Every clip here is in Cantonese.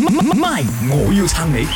MY，我要撐你。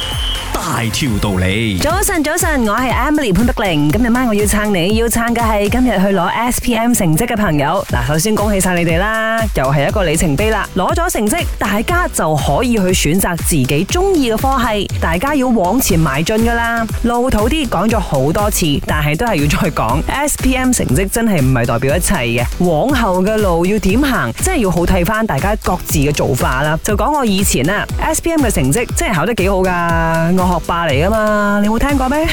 大條道理，早晨早晨，我係 Emily 潘德玲，今日晚我要撐你，要撐嘅係今日去攞 SPM 成績嘅朋友。嗱，首先恭喜晒你哋啦，又係一個里程碑啦，攞咗成績，大家就可以去選擇自己中意嘅科系，大家要往前邁進噶啦。老土啲講咗好多次，但係都係要再講，SPM 成績真係唔係代表一切嘅，往後嘅路要點行，真係要好睇翻大家各自嘅做法啦。就講我以前啦，SPM 嘅成績真係考得幾好噶，學霸嚟㗎嘛，你冇聽過咩？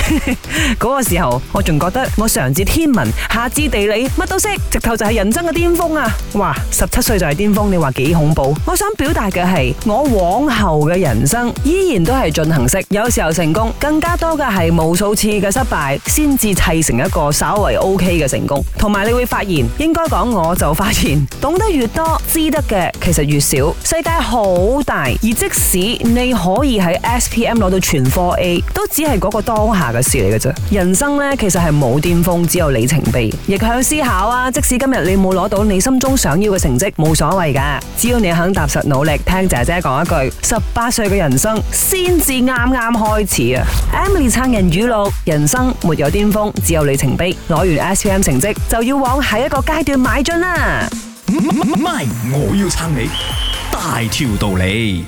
嗰 個時候我仲覺得我上知天文下知地理乜都識，直頭就係人生嘅巔峰啊！哇，十七歲就係巔峰，你話幾恐怖？我想表達嘅係我往後嘅人生依然都係進行式，有時候成功更加多嘅係無數次嘅失敗先至砌成一個稍為 OK 嘅成功。同埋你會發現，應該講我就發現，懂得越多，知得嘅其實越少。世界好大，而即使你可以喺 SPM 攞到全 4A 都只係嗰個當下嘅事嚟嘅啫，人生呢？其實係冇巔峰，只有里程碑。逆向思考啊，即使今日你冇攞到你心中想要嘅成績，冇所謂噶，只要你肯踏實努力。聽姐姐講一句，十八歲嘅人生先至啱啱開始啊！Emily 撐人語錄：人生沒有巔峰，只有里程碑。攞完 SPM 成績就要往下一個階段邁進啦！唔係，我要撐你，大條道理。